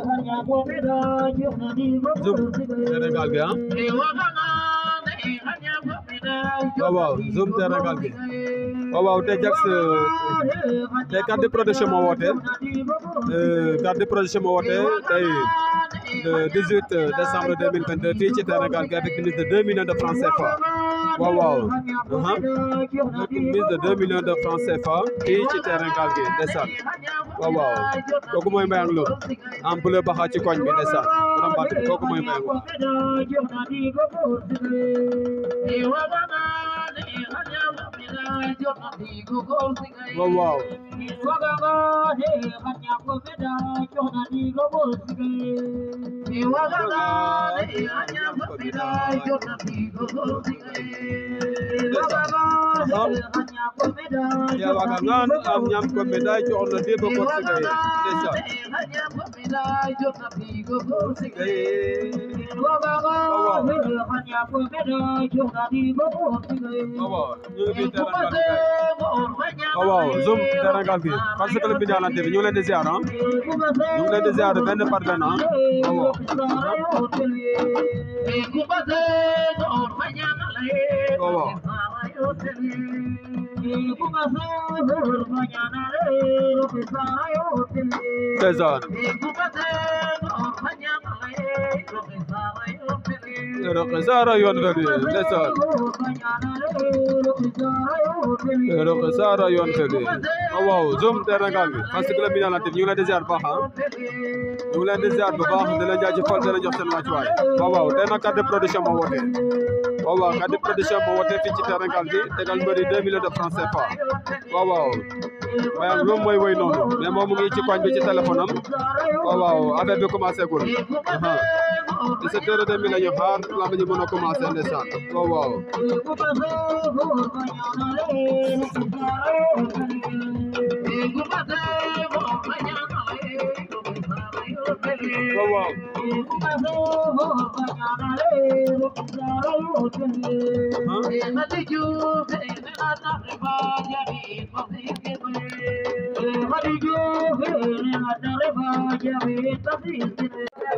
terrain Gaal gi ah. waaw waaw Zoum terrain Gaal gi waaw waaw tey Jax euh, tey de protection moo woote euh, carte de protection moo woote tey le 18 euh, décembre ci terrain Gaal gi avec limite de 2 millions waaw waaw uh-huh. mise de deux millions de francs CFA fii ci terrain gaal gi ndeysaan waaw waaw kooku mooy Mbayang Loum ci koñ bi ndeysaan borom baat bi kooku Wow. Ya Oh, waaw waaw zoom terrain Galgui bi fan club bi Ndiarlante TV ñu ngi leen di ziar ah ñu ngi leen di ziar benn par benn ah waaw waaw waaw ndeysaan roqi saara yoon bi ndeysaan donc Saara yoon tëddee oh, waaw Zom Teranga bi parce que la bi ñu ngi leen di ziar bu baax ñu ngi leen di ziar bu baax di leen jaajëfal di leen jox seen wàccuwaay waaw waaw tey nag de production moo de production moo woote ci Teranga bi tegal mbëri deux millions de francs CFA waaw waaw maanaam loolu mooy woy noonu mais moom ngi ci koñ bi ci téléphone am waaw waaw affaire bi commencé 17 heures et demie la ñu xaar lamb ji mën a commencé ndeysaan waaw Wow. waaw Wow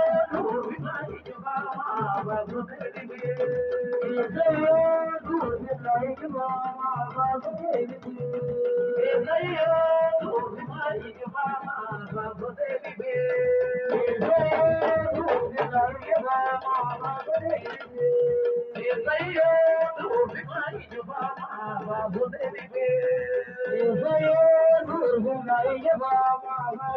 घुमाई बाबा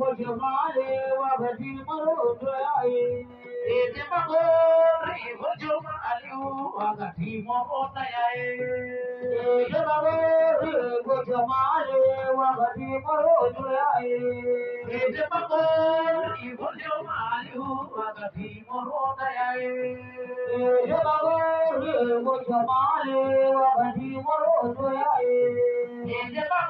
وجمالي وبدي مرود ياي إيد مغوري وجمالي وبدي مرود ياي إيد مغوري وجمالي وبدي مرود ياي إيد مغوري وجمالي وبدي مرود ياي إيد مغوري وجمالي وبدي مرود ياي إيد مغوري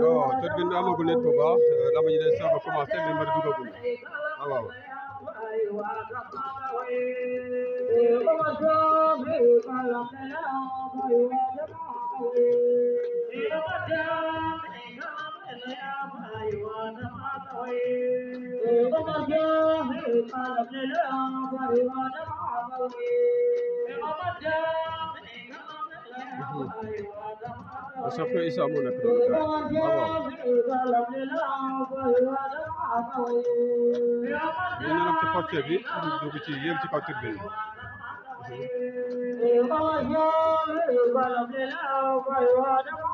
non tur bi amagul leen bu baax lama ñu day soog a commencé mais mbir dugagul waaw waaw. Thank you. Masafir isa muna kirauta. Yin nan ta kwace bi, dubu ci yam ci kwace bi. Ewa ya, ewa la mela, ewa ya da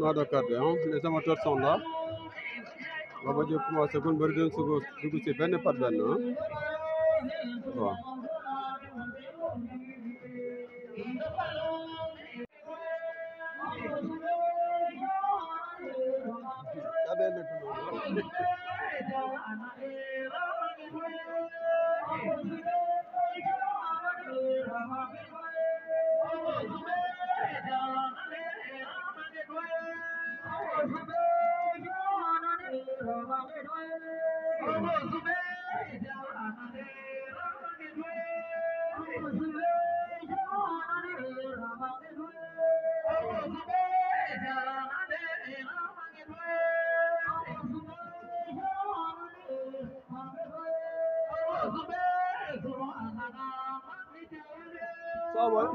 Maodo Kardé ah les amateurs sont là Baba Diop commencé kon bëri dinañ sukk dugg si benn par benn ah waaw.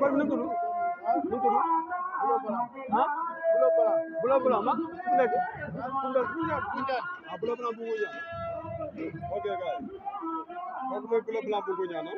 bal bi nu tudd nu tudd ah bulo bulo mag ku nekk ku nekk ah bulo bulo bu nguña ok guys kooku mooy bulo bulo bu no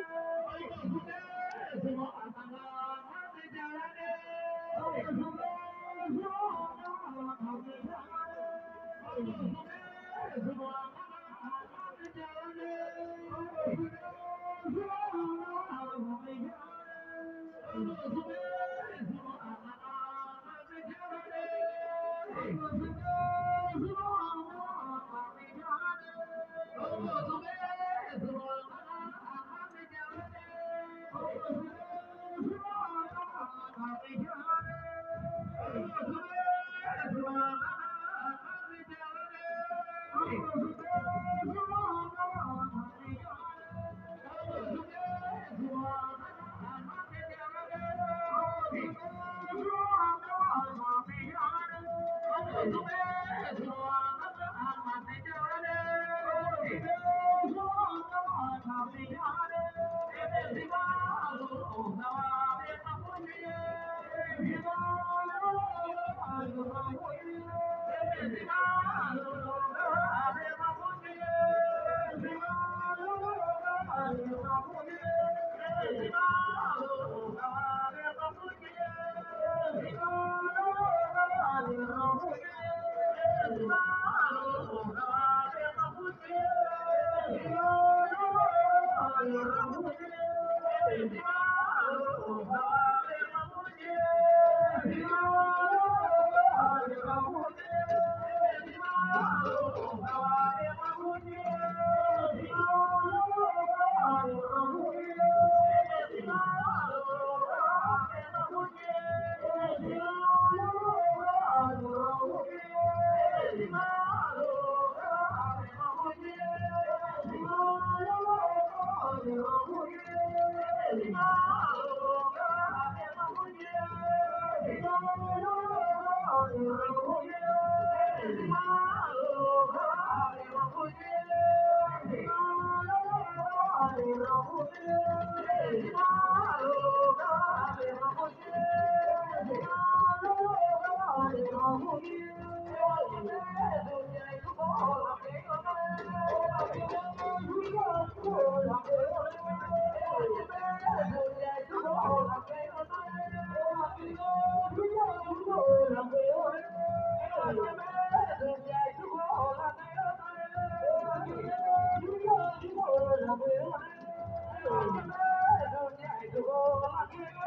I do, I do, I do,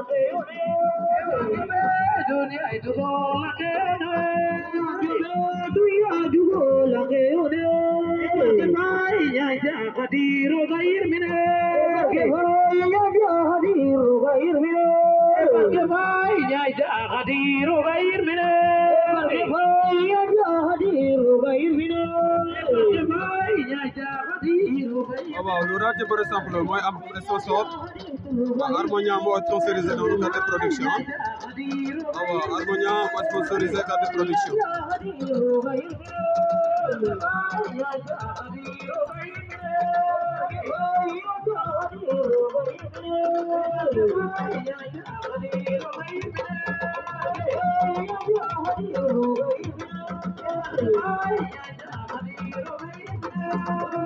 قدير غير منه يا قدير غير منه يا قدير غير منه يا قدير غير منه waaw lu raté par exemple mooy am sponsor Harmonia moo sponsorisé noonu carte production waaw Harmonia moo sponsorisé carte production Thank you.